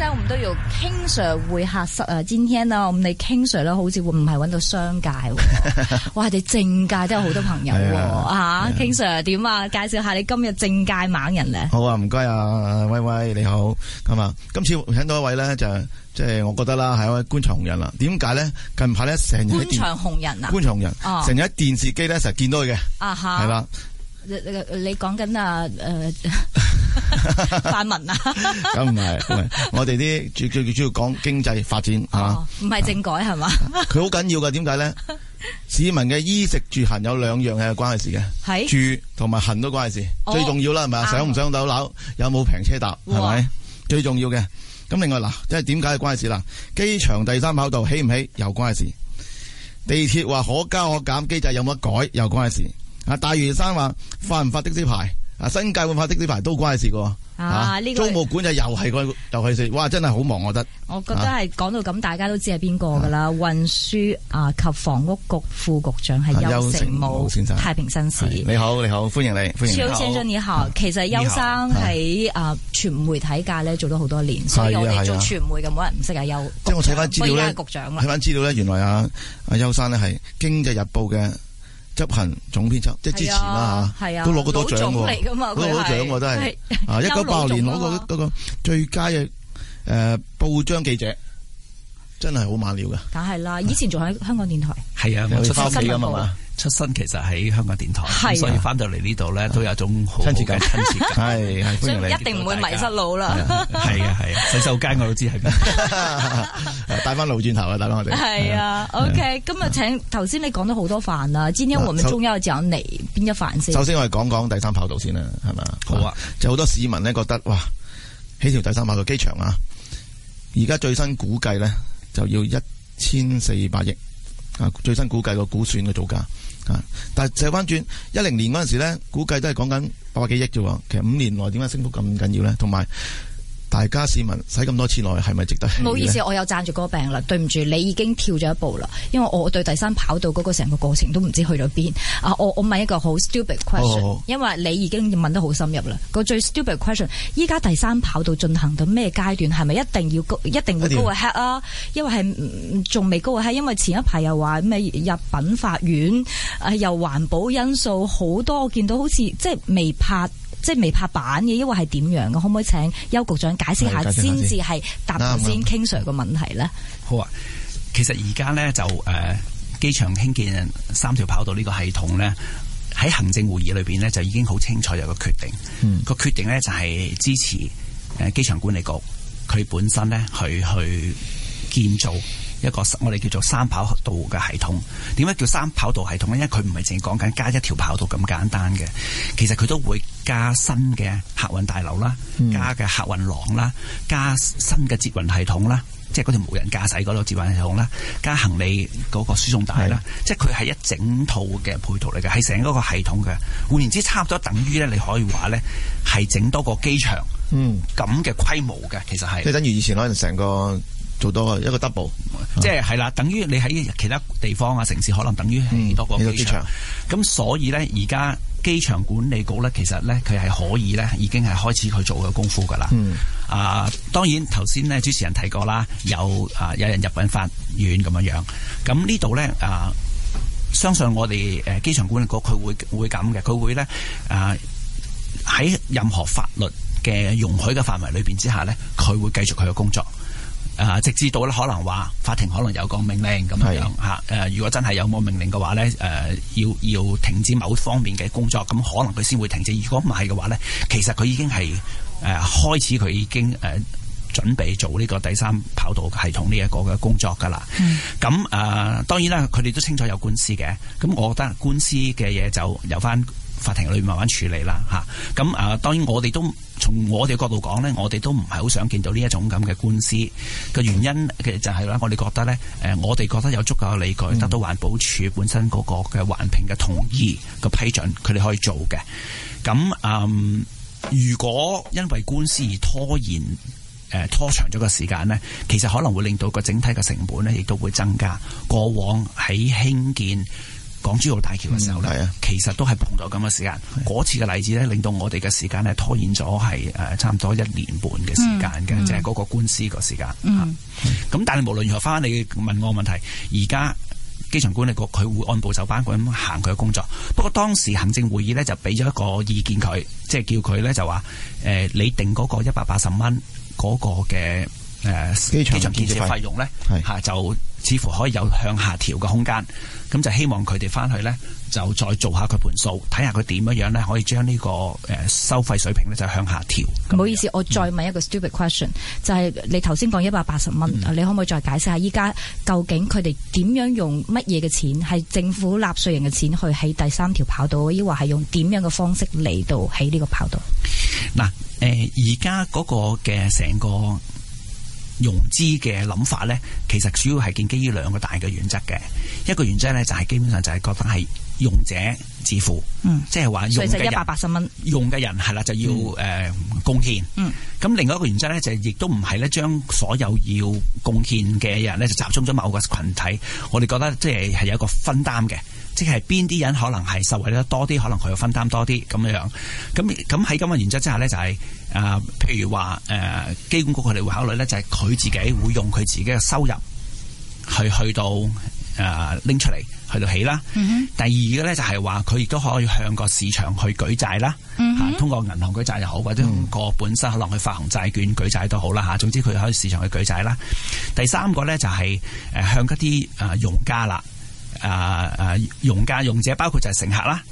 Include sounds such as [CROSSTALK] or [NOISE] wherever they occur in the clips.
我都要 Sir 會客室啊，天咁我哋傾常咧，好似會唔係揾到商界， [LAUGHS] 哇！啲政界都有好多朋友喎嚇。傾常點啊？介紹下你今日政界猛人咧。好啊，唔該啊，威威你好咁啊。今次請到一位咧，就即、是、係我覺得啦，係一位觀場紅人啦。點解咧？近排咧成日觀場人啊！觀場紅人成日喺電視機咧，成日見到佢嘅啊嚇，係啦。你講緊啊誒泛民啊？咁唔係，我哋啲最最主要講經濟發展吓，唔係、哦吧哦、政改係嘛？佢好緊要噶，點解咧？ [LAUGHS] 市民嘅衣食住行有兩樣嘢係關係事嘅，是住同埋行都關係事，最重要啦，係嘛？上唔上到樓，有冇平車搭，係咪？最重要嘅。咁另外嗱，即係點解係關事啦？機場第三跑道起唔起又關事，地鐵話可加可減，機制有冇改又關事。啊！大元生話發唔發的士牌啊，新界會發的士牌都關事噶。啊，呢個中務館就又係個又係事，哇！真係好忙我覺得。我覺得係講到咁，大家都知係邊個噶啦。運輸啊及房屋局副局長係邱誠武先生，太平紳士。你好，你好，歡迎你，歡迎。邱先生以下，其實邱生喺啊傳媒體界咧做咗好多年，所以我哋做傳媒嘅冇人唔識啊邱。即係我睇翻資料咧，睇翻資料咧，原來啊啊邱生咧係《經濟日報》嘅。執行總編輯，啊、即係之前啦、啊、吓，啊、都攞過多獎嘅、啊，攞過獎嘅都係、啊，都是啊一九八五年攞過嗰個最佳嘅誒、呃、報章記者，真係好猛料嘅。梗係啦，以前仲喺香港電台。係啊,啊，我出翻嚟咁啊嘛。出身其實喺香港電台，所以翻到嚟呢度咧都有一種親切嘅親切感，係係，歡迎你，一定唔會迷失路啦。係啊係啊，洗手間我都知係。帶翻路轉頭啊，帶翻我哋。係啊，OK。今日請頭先你講咗好多飯啊，今天我們中央又走嚟邊一飯先？首先我哋講講第三跑道先啦，係咪？好啊，就好多市民咧覺得哇，起條第三跑道機場啊，而家最新估計咧就要一千四百億啊，最新估計個估算嘅造價。啊！但係轉翻轉，一零年嗰陣時咧，估計都係講緊八百幾億啫。其實五年內點解升幅咁緊要咧？同埋。大家市民使咁多錢落去，係咪值得？唔好意思，我又讚住個病啦。對唔住，你已經跳咗一步啦。因為我對第三跑道嗰個成個過程都唔知去到邊啊！我我問一個好 stupid question，哦，因為你已經問得好深入啦。個最 stupid question，依家第三跑道進行到咩階段？係咪一定要高，一定要高個 heat 啊？因為係仲未高個 heat，因為前一排又話咩入稟法院，又環保因素好多。我見到好似即係未拍。即係未拍板嘅，抑或係點樣嘅？可唔可以請邱局長解釋下，下先至係答頭先 King No, no. Sir 嘅問題咧？好啊，其實而家咧就誒機、呃、場興建三條跑道呢個系統咧，喺行政會議裏邊咧就已經好清楚有個決定。嗯、個決定咧就係、是、支持誒機場管理局佢本身咧去去建造一個我哋叫做三跑道嘅系統。點解叫三跑道系統咧？因為佢唔係淨係講緊加一條跑道咁簡單嘅，其實佢都會。加新嘅客運大樓啦，加嘅客運廊啦，加新嘅捷運系統啦，即係嗰條無人駕駛嗰個捷運系統啦，加行李嗰個輸送帶啦，是的 即係佢係一整套嘅配套嚟嘅，係成嗰個系統嘅。換言之差，差唔多等於咧，你可以話咧係整多個機場，嗯，咁嘅規模嘅，其實係即係等於以前可能成個做多一個 double，、嗯嗯、即係係啦，等於你喺其他地方啊城市可能等於多個機場，咁、嗯、所以咧而家。機場管理局咧，其實咧，佢係可以咧，已經係開始去做嘅功夫噶啦。嗯、啊，當然頭先咧，主持人提過啦，有啊有人入稟法院咁樣樣。咁呢度咧啊，相信我哋誒機場管理局佢會會咁嘅，佢會咧啊喺任何法律嘅容許嘅範圍裏邊之下咧，佢會繼續佢嘅工作。啊，直至到咧，可能話法庭可能有個命令咁是樣嚇。誒、呃，如果真係有冇命令嘅話咧，誒、呃、要要停止某方面嘅工作，咁可能佢先會停止。如果唔係嘅話咧，其實佢已經係誒、呃、開始，佢已經誒、呃、準備做呢個第三跑道系統呢一個嘅工作㗎啦。咁誒是、呃，當然啦，佢哋都清楚有官司嘅。咁我覺得官司嘅嘢就由返法庭裏慢慢處理啦，嚇！咁啊，當然我哋都從我哋角度講呢，我哋都唔係好想見到呢一種咁嘅官司嘅原因，其實就係啦，我哋覺得呢，誒，我哋覺得有足夠嘅理據得到環保署本身嗰個嘅環評嘅同意個批准，佢哋可以做嘅。咁、啊、嗯，如果因為官司而拖延誒、啊、拖長咗個時間呢，其實可能會令到個整體嘅成本呢，亦都會增加。過往喺興建。港珠澳大橋嘅時候咧，嗯啊、其實都係碰到咁嘅時間。嗰、啊、次嘅例子咧，令到我哋嘅時間咧拖延咗，係誒差唔多一年半嘅時間嘅，嗯嗯、就係嗰個官司個時間。咁但係無論如何返，你問我個問題，而家機場管理局佢會按部就班咁行佢嘅工作。不過當時行政會議咧就俾咗一個意見佢，即、就、係、是、叫佢咧就話誒、呃，你定嗰個一百八十蚊嗰個嘅。誒機場建設費用咧嚇的就似乎可以有向下調嘅空間，咁的就希望佢哋返去咧就再做下佢盤數，睇下佢點樣樣咧可以將呢個誒收費水平咧就向下調。唔好意思，樣我再問一個 stupid question，、嗯、就係你頭先講一百八十蚊，嗯、你可唔可以再解釋下依家究竟佢哋點樣用乜嘢嘅錢，係政府納稅人嘅錢去起第三條跑道，抑或係用點樣嘅方式嚟到起呢個跑道？嗱誒、嗯，而家嗰個嘅成個。融資嘅諗法咧，其實主要係建基於兩個大嘅原則嘅。一個原則咧就係基本上就係覺得係用者自付，即係話用嘅人一百八十蚊，用嘅人係啦就要誒貢獻。咁另外一個原則咧就亦都唔係咧將所有要貢獻嘅人咧就集中咗某個群體，我哋覺得即係係有一個分擔嘅。即係邊啲人可能係受惠得多啲，可能佢要分擔多啲咁樣樣。咁咁喺咁嘅原則之下咧，就係、是、誒、呃，譬如話誒、呃，基管局佢哋會考慮咧，就係、是、佢自己會用佢自己嘅收入去去到誒拎、呃、出嚟去到起啦。Mm hmm. 第二個咧就係話佢亦都可以向個市場去舉債啦，吓、mm hmm. 通過銀行舉債又好，或者個本身可能去發行債券舉債都好啦吓。總之佢可以市場去舉債啦。第三個咧就係誒向一啲誒用家啦。啊啊！用家用者包括就係乘客啦，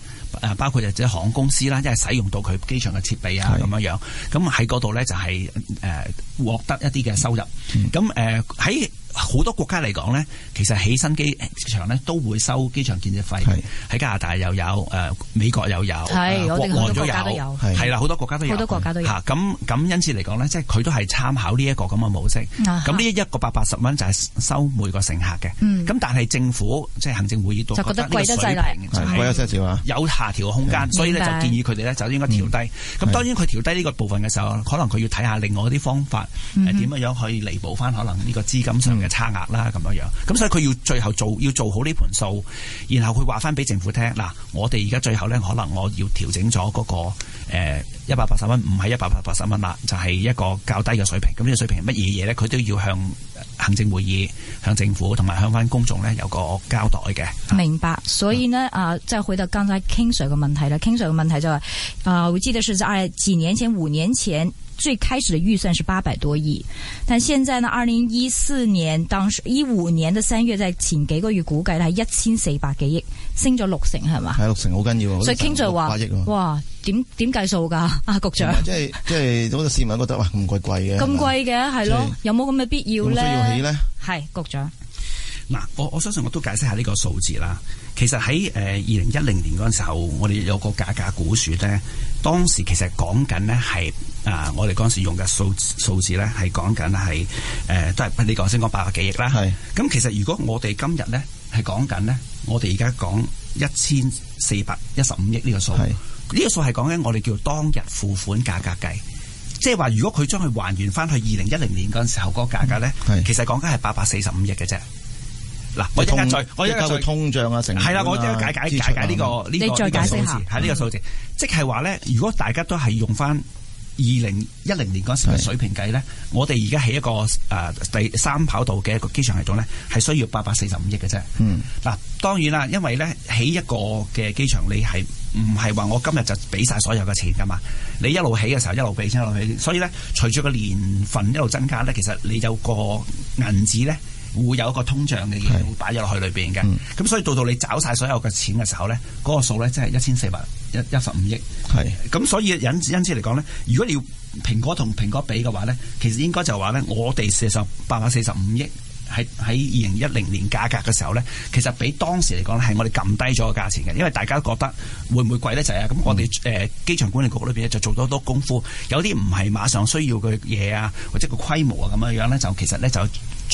誒，包括就係航空公司啦，即係使用到佢機場嘅設備的那那、就是、啊，咁樣樣，咁喺嗰度咧就係誒，獲得一啲嘅收入，咁誒喺。好多國家嚟講咧，其實起新機場咧都會收機場建設費。喺加拿大又有，誒美國又有，國外都有，係啦，好多國家都有。好多國家都有。嚇，咁咁因此嚟講咧，即係佢都係參考呢一個咁嘅模式。咁呢一個百八十蚊就係收每個乘客嘅。咁但係政府即係行政會議都覺得呢個水平貴得滯啦，有下調嘅空間，所以咧就建議佢哋咧就應該調低。咁當然佢調低呢個部分嘅時候，可能佢要睇下另外啲方法係點樣樣可以彌補翻可能呢個資金上。嘅差額啦，咁樣樣，咁、嗯、所以佢要最後做要做好呢盤數，然後佢話翻俾政府聽嗱，我哋而家最後咧，可能我要調整咗嗰、那個誒一百八十蚊，唔係一百八八十蚊啦，就係、是、一個較低嘅水平。咁、嗯、呢、這個水平係乜嘢嘢咧？佢都要向行政會議、向政府同埋向翻公眾咧有個交代嘅。啊、明白，所以呢，啊、呃，即係回到剛才傾水嘅問題咧，傾水嘅問題就係、是、啊、呃，我記得是在幾年前，五年前。最開始嘅預算是八百多億，但現在呢？二零一四年當時一五年的三月，在前幾個月估計係一千四百幾億，升咗六成係嘛？係六成，好緊要，所以傾就話哇，點點計數噶啊，局長？即係即係，市民覺得哇，咁貴貴嘅，咁貴嘅係咯，有冇咁嘅必要呢？要起呢？係局長。嗱，我我相信我都解釋下呢個數字啦。其實喺誒二零一零年嗰陣時候，我哋有個價格估算咧。當時其實講緊咧，係，啊，我哋嗰陣時用嘅數數字咧係講緊係，誒、呃，都係你講先講八百幾億啦。係是，咁其實如果我哋今日咧係講緊咧，我哋而家講一千四百一十五億呢個數，呢是個數係講緊我哋叫當日付款價格計，即係話如果佢將佢還原翻去二零一零年嗰陣時候嗰個價格咧，是其實講緊係八百四十五億嘅啫。嗱，我一間再，我一間再通脹啊！成日係啦，我即係解解解解呢、呢個呢、呢個呢個數字，係呢個數字，即係話咧，如果大家都係用翻二零一零年嗰時嘅水平計咧，是我哋而家起一個誒第、呃、三跑道嘅一個機場系統咧，係需要八百四十五億嘅啫。嗯，嗱當然啦，因為咧起一個嘅機場，你係唔係話我今日就俾曬所有嘅錢㗎嘛？你一路起嘅時候，一路俾，一路俾，所以咧隨住個年份一路增加咧，其實你有個銀紙咧。會有一個通脹嘅嘢會擺咗落去裏邊嘅，咁、嗯、所以到到你找晒所有嘅錢嘅時候咧，嗰、那個數咧即係一千四百一一十五億。係是，咁所以引因此嚟講咧，如果你要蘋果同蘋果比嘅話咧，其實應該就係話咧，我哋四十八百四十五億。喺喺二零一零年價格嘅時候咧，其實比當時嚟講咧，係我哋撳低咗個價錢嘅，因為大家都覺得會唔會貴得滯啊？咁、就係、我哋誒機場管理局裏邊咧就做咗好多功夫，有啲唔係馬上需要嘅嘢啊，或者個規模啊咁樣樣咧，就其實咧就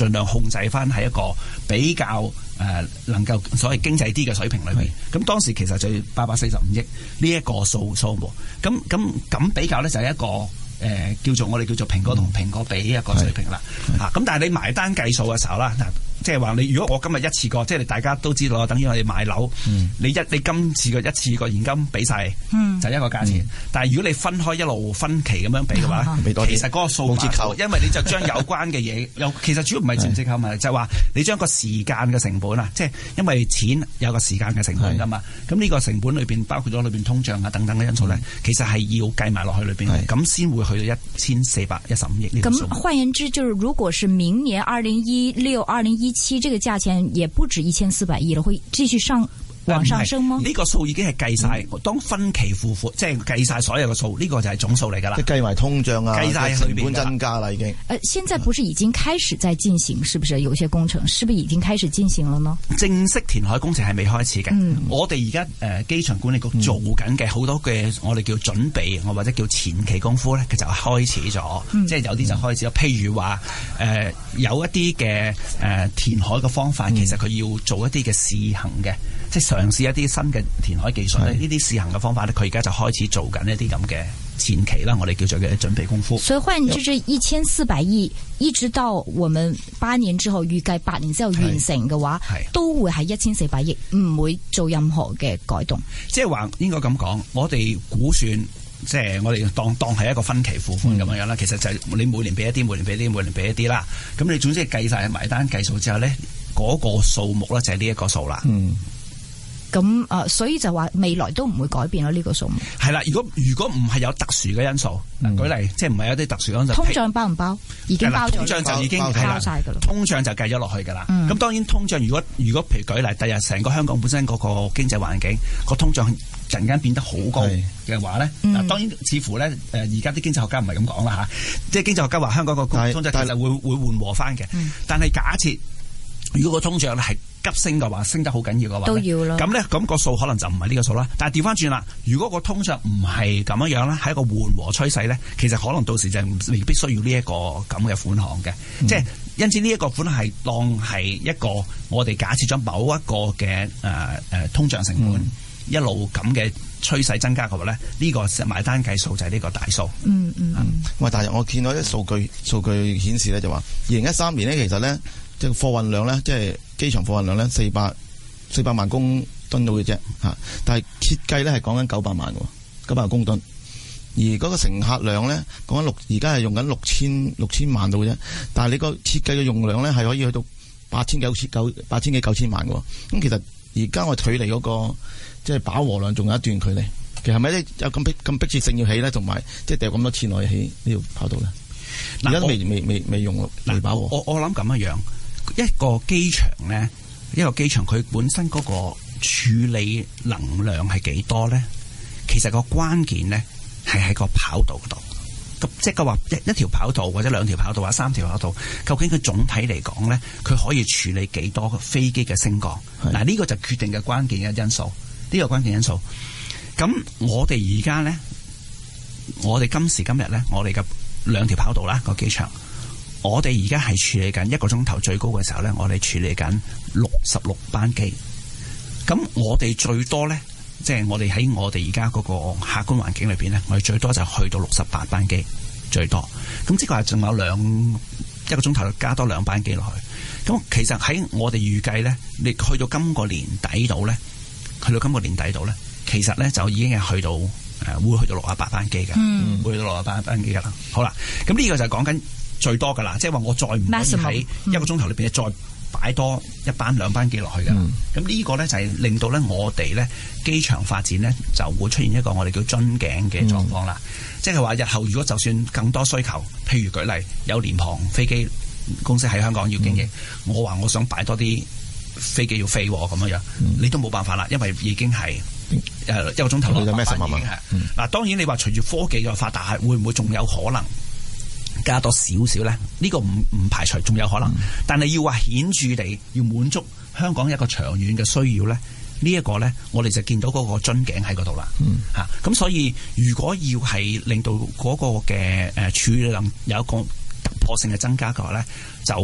盡量控制翻喺一個比較誒、呃、能夠所謂經濟啲嘅水平裏面。咁是當時其實就八百四十五億呢一、呢個數數目，咁咁咁比較咧就係一個。誒、呃、叫做我哋叫做蘋果同蘋果比一個水平啦嚇，咁、啊、但係你埋單計數嘅時候啦嗱。嗯即係話你，如果我今日一次過，即係大家都知道，等於我哋買樓，你一你今次個一次過現金俾晒，就一個價錢。但係如果你分開一路分期咁樣俾嘅話，其實嗰個數冇折扣，因為你就將有關嘅嘢，其實主要唔係折唔折扣，就係話你將個時間嘅成本啊，即係因為錢有個時間嘅成本噶嘛。咁呢個成本裏邊包括咗裏邊通脹啊等等嘅因素咧，其實係要計埋落去裏邊，咁先會去到一千四百一十五億呢個數。咁換言之，就係如果係明年二零一六、二零一。一期這個價錢也不止一千四百億了，會繼續上。往上升？呢個數已經係計晒，嗯、當分期付款，即係計晒所有嘅數，呢、這個就係總數嚟㗎啦。計埋通脹啊，計晒成本了增加啦，已經。誒、呃，現在不是已經開始在進行，是不是？有些工程是不是已經開始進行了呢？正式填海工程係未開始嘅。嗯、我哋而家誒機場管理局做緊嘅好多嘅，嗯、我哋叫準備，我或者叫前期功夫咧，佢就開始咗。嗯、即係有啲就開始咗，譬如話誒、呃、有一啲嘅誒填海嘅方法，其實佢要做一啲嘅試行嘅。即係嘗試一啲新嘅填海技術呢啲是試行嘅方法咧，佢而家就開始做緊一啲咁嘅前期啦。我哋叫做嘅準備功夫。所以，換言之一千四百億，一直到我們八年之後預計八年之後完成嘅話，都會係一千四百億，唔會做任何嘅改動。即係話應該咁講，我哋估算即係、就是、我哋當當係一個分期付款咁樣樣啦。嗯、其實就係你每年俾一啲，每年俾一啲，每年俾一啲啦。咁你總之計晒埋單計數之後咧，嗰、那個數目咧就係呢一個數啦。嗯。咁啊、呃，所以就話未來都唔會改變咗呢個數目。係啦，如果如果唔係有特殊嘅因素，嗱、嗯、舉例，即係唔係有啲特殊因素。通脹包唔包？已經包咗。通脹就已經包晒噶啦。通脹就計咗落去噶啦。咁、嗯、當然，通脹如果如果譬如舉例，第日成個香港本身嗰個經濟環境、嗰個通脹突然間變得好高嘅話咧，嗱，嗯、當然似乎咧誒，而家啲經濟學家唔係咁講啦吓，即係經濟學家話香港個通脹其實會會緩和翻嘅。但係假設如果個通脹係。急升嘅話，升得好緊要嘅話，都要咯。咁咧，咁、那個數可能就唔係呢個數啦。但係調翻轉啦，如果個通脹唔係咁樣樣咧，係一個緩和趨勢咧，其實可能到時就未必需要呢、這個嗯就是、一個咁嘅款項嘅。即係因此呢一個款係當係一個我哋假設咗某一個嘅誒誒通脹成本、嗯、一路咁嘅趨勢增加嘅話咧，呢、這個埋單計數就係呢個大數、嗯。嗯嗯。喂，但係我見到啲數據數據顯示咧，就話二零一三年咧，其實咧即係貨運量咧，即係。機場貨運量咧四百四百萬公噸到嘅啫，吓！但係設計咧係講緊九百萬嘅，九百萬公噸。而嗰個乘客量咧講緊六，而家係用緊六千六千萬到嘅啫。但係你個設計嘅用量咧係可以去到八千九千九八千幾九千萬。咁其實而家我距離嗰個即係飽和量仲有一段距離。其實係咪咧有咁逼咁迫切性要起咧？同埋即係掉咁多次落去起呢度跑道咧？而家未未未未用到未飽和？我我諗咁嘅樣。一個機場呢，一個機場佢本身嗰個處理能量係幾多呢？其實個關鍵呢係喺個跑道嗰度，咁即係佢話一一條跑道或者兩條跑道啊，或者三條跑道，究竟佢總體嚟講呢，佢可以處理幾多飛機嘅升降？嗱是，呢個就決定嘅關鍵嘅因素，呢個關鍵因素。咁我哋而家呢，我哋今時今日呢，我哋嘅兩條跑道啦，個機場。我哋而家係處理緊一個鐘頭最高嘅時候咧，我哋處理緊六十六班機。咁我哋最多咧，即係我哋喺我哋而家嗰個客觀環境裏邊咧，我哋最多就去到六十八班機最多。咁即係仲有兩一個鐘頭加多兩班機落去。咁其實喺我哋預計咧，你去到今個年底度咧，去到今個年底度咧，其實咧就已經係去到誒會去到六十八班機噶，會去到六十八班機噶啦。好啦，咁呢個就講緊。最多噶啦，即係話我再唔喺一個鐘頭裏邊，再擺多一班兩、嗯、班機落去噶。咁呢、嗯、個咧就係令到咧我哋咧機場發展咧就會出現一個我哋叫樽頸嘅狀況啦。即係話日後如果就算更多需求，譬如舉例有廉航飛機公司喺香港要經營，嗯、我話我想擺多啲飛機要飛咁樣樣，嗯、你都冇辦法啦，因為已經係誒一個鐘頭。你有咩諗法啊？嗱、嗯，當然你話隨住科技嘅發達，會唔會仲有可能？加多少少咧？呢、呢個唔唔排除仲有可能，嗯、但係要話顯著地要滿足香港一個長遠嘅需要咧，呢個、呢一個咧，我哋就見到嗰個樽頸喺嗰度啦。嚇、嗯！咁、啊、所以如果要係令到嗰個嘅誒處理量有一個突破性嘅增加嘅話咧，就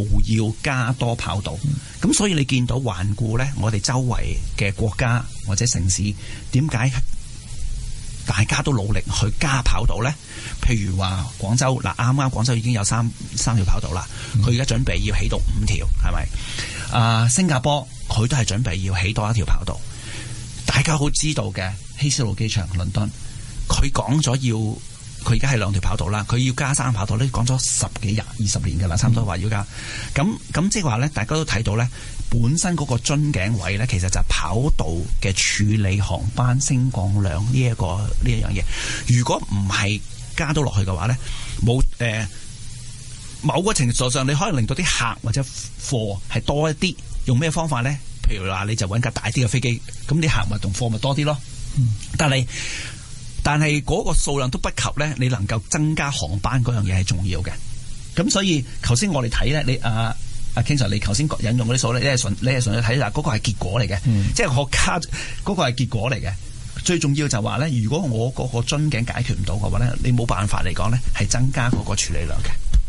要加多跑道。咁、嗯、所以你見到環顧咧，我哋周圍嘅國家或者城市點解？大家都努力去加跑道呢。譬如話廣州嗱，啱啱廣州已經有三三條跑道啦，佢而家準備要起到五條，係咪？啊，新加坡佢都係準備要起多一條跑道，大家都知道嘅希斯路機場、倫敦，佢講咗要。佢而家係兩條跑道啦，佢要加三跑道咧，講咗十幾日，二十年噶啦，差唔多話要加。咁咁、嗯、即係話咧，大家都睇到咧，本身嗰個樽頸位咧，其實就係跑道嘅處理航班升降量呢一、個呢一樣嘢。如果唔係加到落去嘅話咧，冇誒、呃、某個程度上，你可以令到啲客或者貨係多一啲。用咩方法咧？譬如話，你就揾架大啲嘅飛機，咁啲客物同貨咪多啲咯。嗯、但係。但係嗰個數量都不及咧，你能夠增加航班嗰樣嘢係重要嘅。咁所以，頭先我哋睇咧，你阿阿、啊、King Sir，你頭先引用嗰啲數咧，你係純你係純粹睇晒嗰個係結果嚟嘅，嗯、即係學卡嗰、那個係結果嚟嘅。最重要就話咧，如果我嗰個樽頸解決唔到嘅話咧，你冇辦法嚟講咧，係增加嗰個處理量嘅。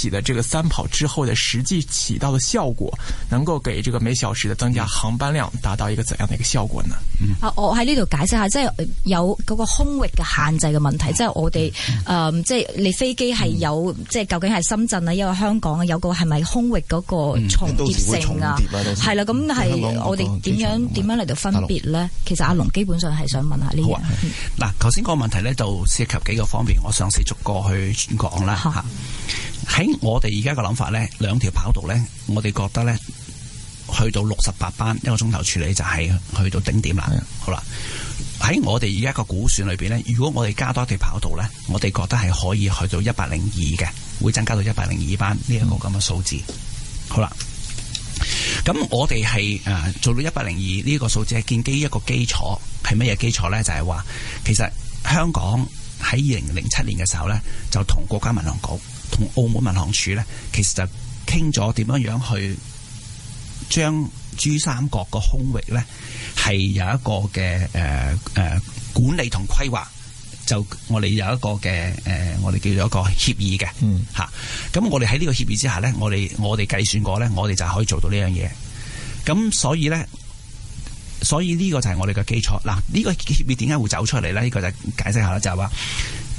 起的這個三跑之後的實際起到的效果，能夠給這個每小時的增加航班量達到一個怎樣的一個效果呢？嗯、我喺呢度解釋下，即係有嗰個空域嘅限制嘅問題，即係我哋誒，嗯嗯、即係你飛機係有，嗯、即係究竟係深圳啊，因為香港啊，有個係咪空域嗰個重疊性、嗯、重疊啊？係啦，咁係、啊、我哋點、嗯、樣點樣嚟到分別呢？啊、其實阿龍基本上係想問下呢樣、啊。嗱，頭先嗰個問題呢，就涉及幾個方面，我嘗試逐個去講啦吓。喺我哋而家個諗法呢，兩條跑道呢，我哋覺得呢，去到六十八班一個鐘頭處理就係去到頂點啦。的好啦，喺我哋而家個估算裏邊呢，如果我哋加多一條跑道呢，我哋覺得係可以去到一百零二嘅，會增加到一百零二班呢一個咁嘅數字。嗯、好啦，咁我哋係誒做到一百零二呢個數字係建基於一個基礎，係乜嘢基礎呢？就係、是、話其實香港喺二零零七年嘅時候呢，就同國家民航局。同澳門民航處咧，其實就傾咗點樣樣去將珠三角個空域咧，係有一個嘅誒誒管理同規劃，就我哋有一個嘅誒、呃，我哋叫做一個協議嘅，嗯，咁、啊、我哋喺呢個協議之下咧，我哋我哋計算過咧，我哋就可以做到呢樣嘢。咁所以咧，所以呢個就係我哋嘅基礎。嗱、啊，呢、呢個協議點解會走出嚟咧？呢、呢個就解釋下啦，就係、係、話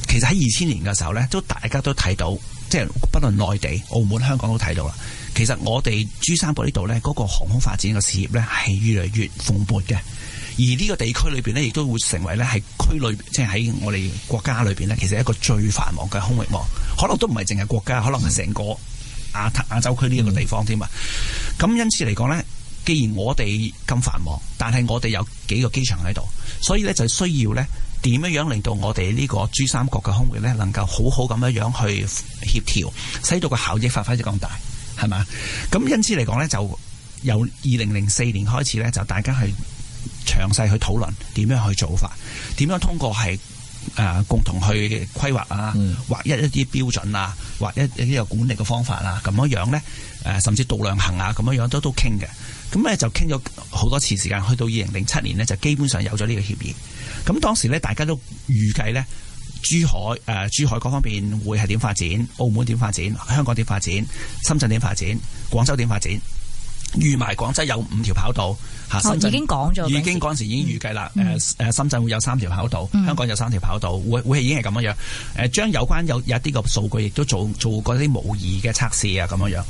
其實喺二千年嘅時候咧，都大家都睇到。即係不論內地、澳門、香港都睇到啦。其實我哋珠三角呢度呢嗰個航空發展嘅事業呢，係越嚟越蓬勃嘅。而呢個地區裏邊呢，亦都會成為咧係區裏，即係喺我哋國家裏邊呢，其實一個最繁忙嘅空域網。可能都唔係淨係國家，可能係成個亞亞洲區呢一個地方添啊。咁、嗯、因此嚟講呢，既然我哋咁繁忙，但係我哋有幾個機場喺度，所以呢就需要呢。點樣樣令到我哋呢個珠三角嘅空域呢，能夠好好咁樣樣去協調，使到個效益發揮得更大，係嘛？咁因此嚟講呢，就由二零零四年開始呢，就大家去詳細去討論點樣去做法，點樣通過係誒、呃，共同去規劃啊，劃一一啲標準啊，劃一啲管理嘅方法啊，咁樣樣呢誒，甚至度量衡啊，咁樣樣都都傾嘅。咁呢，就傾咗好多次時間，去到二零零七年呢，就基本上有咗呢個協議。咁當時咧，大家都預計咧、呃，珠海誒，珠海嗰方面會係點發展，澳門點發展，香港點發展，深圳點發展，廣州點發展，預埋廣州有五條跑道嚇、哦，已經講咗，已經嗰陣時已經預計啦。誒誒、嗯，深圳會有三條跑道，香港有三條跑道，嗯、會會係已經係咁樣樣。誒，將有關有有一啲個數據，亦都做做過啲模擬嘅測試啊，咁樣樣。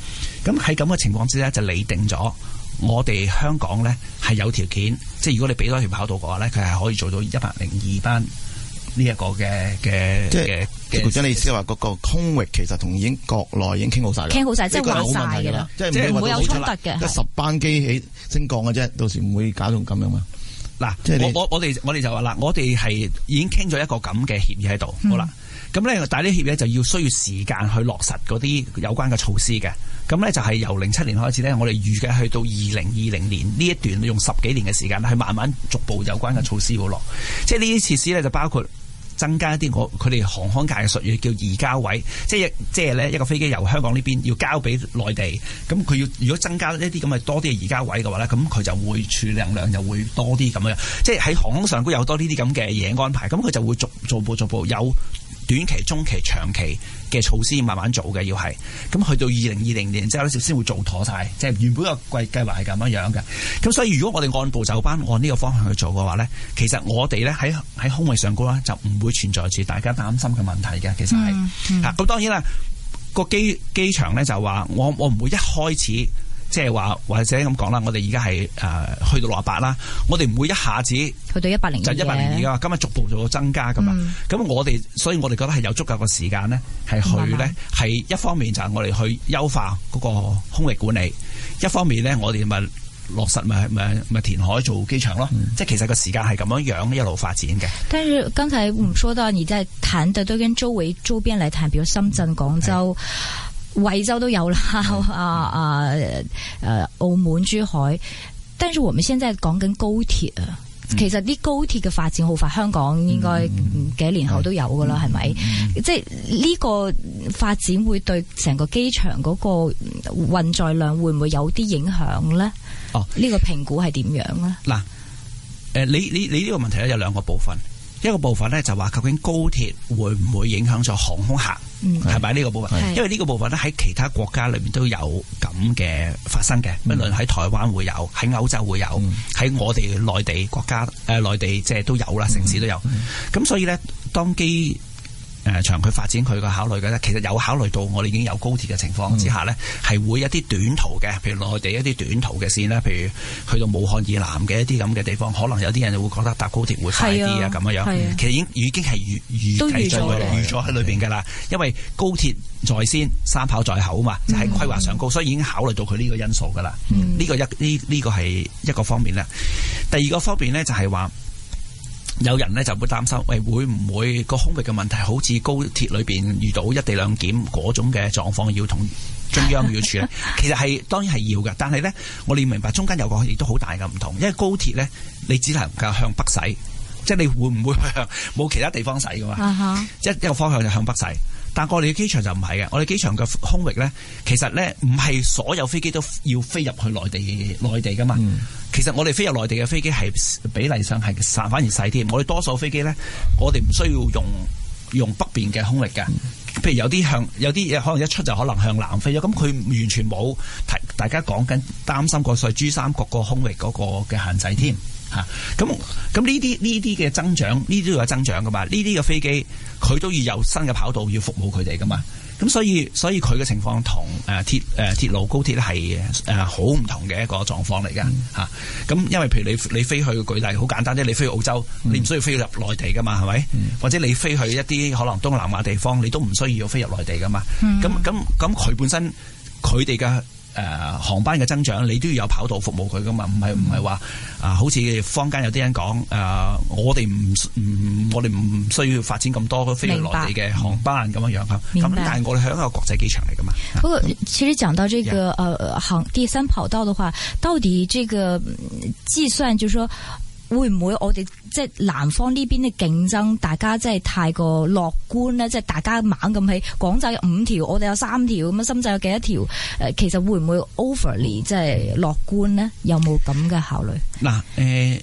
咁喺咁嘅情況之下，就擬定咗。我哋香港咧係有條件，即係如果你俾多條跑道嘅話咧，佢係可以做到一百零二班呢一個嘅嘅嘅。邱局長是的，你意思話嗰個空域其實同已經國內已經傾好晒？啦，傾好晒，問題即係玩曬嘅啦，即係唔會有衝突嘅。即十班機起升降嘅啫，到時唔會搞到咁樣嘛。嗱，我我我哋我哋就話啦，我哋係已經傾咗一個咁嘅協議喺度，嗯、好啦。咁咧，但係呢協議就要需要時間去落實嗰啲有關嘅措施嘅。咁呢、嗯、就係、是、由零七年開始呢，我哋預計去到二零二零年呢一段用十幾年嘅時間，去慢慢逐步有關嘅措施嘅咯。即係呢啲設施呢，就包括增加一啲佢哋航空界嘅術語叫移交位，即係即係咧一個飛機由香港呢邊要交俾內地，咁佢要如果增加一啲咁嘅多啲嘅移交位嘅話呢，咁佢就會儲能量就會多啲咁樣，即係喺航空上邊有多呢啲咁嘅嘢安排，咁佢就會逐逐步逐步有。短期、中期、長期嘅措施要慢慢做嘅，要係咁去到二零二零年之後咧，先會做妥晒，即係原本個計計劃係咁樣樣嘅。咁所以如果我哋按部就班按呢個方向去做嘅話咧，其實我哋咧喺喺空位上高咧就唔會存在住大家擔心嘅問題嘅。其實係啊，咁、嗯嗯、當然啦，個機機場咧就話我我唔會一開始。即係話或者咁講啦，我哋而家係誒去到六十八啦，我哋唔會一下子去到一百零就一百零二嘅，今日逐步做增加噶嘛。咁、嗯、我哋，所以我哋覺得係有足夠嘅時間咧，係去咧，係一方面就係我哋去優化嗰個空域管理，一方面咧我哋咪落實咪咪、就是、填海做機場咯。即係、嗯、其實個時間係咁樣樣一路發展嘅。嗯、但係剛才我們說到，你在談的都跟周圍周邊嚟談，表深圳、廣州。嗯嗯嗯惠州都有啦，啊啊誒、啊，澳門、珠海，但住，我們現在講緊高鐵啊，其實啲高鐵嘅發展好快，香港應該幾年後都有噶啦，係咪？即係呢個發展會對成個機場嗰個運載量會唔會有啲影響咧？哦，個評呢個評估係點樣咧？嗱，誒，你你你呢個問題咧有兩個部分。一個部分咧就話，究竟高鐵會唔會影響咗航空客？係咪呢個部分？因為呢個部分咧喺其他國家裏面都有咁嘅發生嘅，不論喺台灣會有，喺歐洲會有，喺、嗯、我哋內地國家誒、呃、內地即係都有啦，城市都有。咁、嗯、所以咧，當機。誒、呃、長期發展佢嘅考慮嘅咧，其實有考慮到我哋已經有高鐵嘅情況之下咧，係、嗯、會一啲短途嘅，譬如內地一啲短途嘅線啦，譬如去到武漢以南嘅一啲咁嘅地方，可能有啲人就會覺得搭高鐵會快啲啊咁樣樣。啊、其實已已經係預預計咗喺裏邊噶啦，因為高鐵在先，三跑在後啊嘛，就係、是、規劃上高，嗯、所以已經考慮到佢呢個因素噶啦。呢個一呢呢個係一個方面啦。第二個方面咧就係話，有人咧就會擔心，喂，會唔會個空域嘅問題好似高鐵裏邊遇到一地兩檢嗰種嘅狀況，要同中央要處理？其實係當然係要嘅，但係咧，我哋要明白中間有個亦都好大嘅唔同，因為高鐵咧，你只能夠向北使，即係你會唔會向冇其他地方使㗎嘛？一、uh huh. 一個方向就向北使。但過我哋嘅機場就唔係嘅，我哋機場嘅空域呢，其實呢，唔係所有飛機都要飛入去內地，內地㗎嘛。嗯、其實我哋飛入內地嘅飛機係比例上係細，反而細添。我哋多數飛機呢，我哋唔需要用用北邊嘅空域嘅。譬如有啲向有啲嘢可能一出就可能向南飛咗，咁佢完全冇提大家講緊擔心個在珠三角個空域嗰個嘅限制添。吓，咁咁呢啲呢啲嘅增長，呢啲都有增長噶嘛？呢啲嘅飛機佢都要有新嘅跑道要服務佢哋噶嘛？咁所以所以佢嘅情況同誒鐵誒鐵路高鐵咧係好唔同嘅一個狀況嚟嘅嚇。咁因為譬如你你飛去舉例好簡單啫，你飛澳洲你唔需要飛入內地噶嘛，係咪？或者你飛去一啲可能東南亞地方，你都唔需要飛入內地噶嘛？咁咁咁佢本身佢哋嘅。誒、呃，航班嘅增長，你都要有跑道服務佢噶嘛？唔係唔係話啊，好似坊間有啲人講誒、呃，我哋唔唔，我哋唔需要發展咁多飛落地嘅航班咁樣樣嗬。咁白但係我哋係一個國際機場嚟噶嘛？不過白其實講到呢、這個誒，航 Yeah.、呃、第三跑道嘅話，到底呢個計算，就說。會唔會我哋即係南方呢邊嘅競爭，大家即係太過樂觀咧？即係大家猛咁喺廣州有五條，我哋有三條咁樣，深圳有幾多條？誒、呃，其實會唔會 overly 即係樂觀咧？有冇咁嘅考慮？嗱，誒、呃，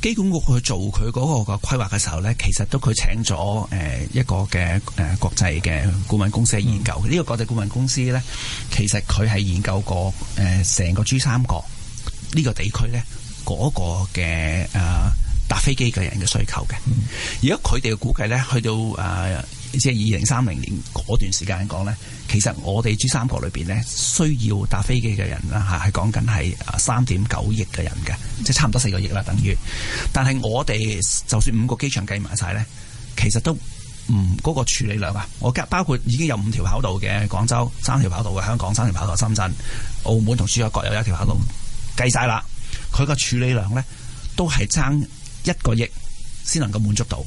機管局去做佢嗰個嘅規劃嘅時候咧，其實都佢請咗誒一個嘅誒國際嘅顧問公司研究。呢、嗯、個國際顧問公司咧，其實佢係研究過誒成個珠三角呢個地區咧。嗰個嘅誒、呃、搭飛機嘅人嘅需求嘅，而家佢哋嘅估計咧，去到誒、呃、即係二零三零年嗰段時間講咧，其實我哋珠三角裏邊咧，需要搭飛機嘅人啦嚇，係講緊係三點九億嘅人嘅，即係差唔多四個億啦，等於。但係我哋就算五個機場計埋晒咧，其實都唔嗰、嗯那個處理量啊！我包括已經有五條跑道嘅廣州，三條跑道嘅香港，三條跑道深圳，澳門同珠海各有一條跑道，計晒啦。佢個處理量咧，都係爭一個億先能夠滿足到，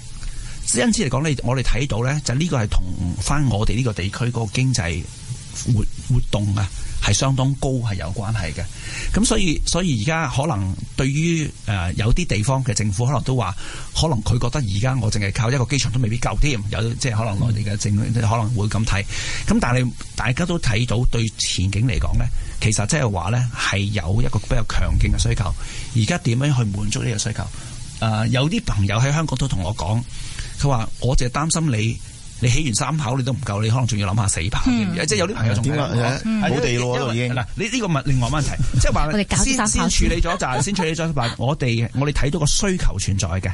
只因此嚟講咧，我哋睇到咧，就呢個係同翻我哋呢個地區個經濟。活活動啊，係相當高，係有關係嘅。咁所以，所以而家可能對於誒、呃、有啲地方嘅政府可，可能都話，可能佢覺得而家我淨係靠一個機場都未必夠添。有即係可能我哋嘅政府可能會咁睇。咁但係大家都睇到對前景嚟講呢，其實即係話呢係有一個比較強勁嘅需求。而家點樣去滿足呢個需求？誒、呃，有啲朋友喺香港都同我講，佢話我淨係擔心你。你起完三跑你都唔夠，你可能仲要諗下四跑，即係有啲朋友仲冇地咯，已經嗱，你呢個問另外問題，即係話先先處理咗一陣，先處理咗，我哋我哋睇到個需求存在嘅，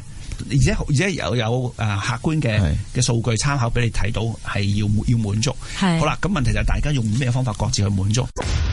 而且而且又有誒客觀嘅嘅數據參考俾你睇到，係要要滿足。係好啦，咁問題就係大家用咩方法各自去滿足。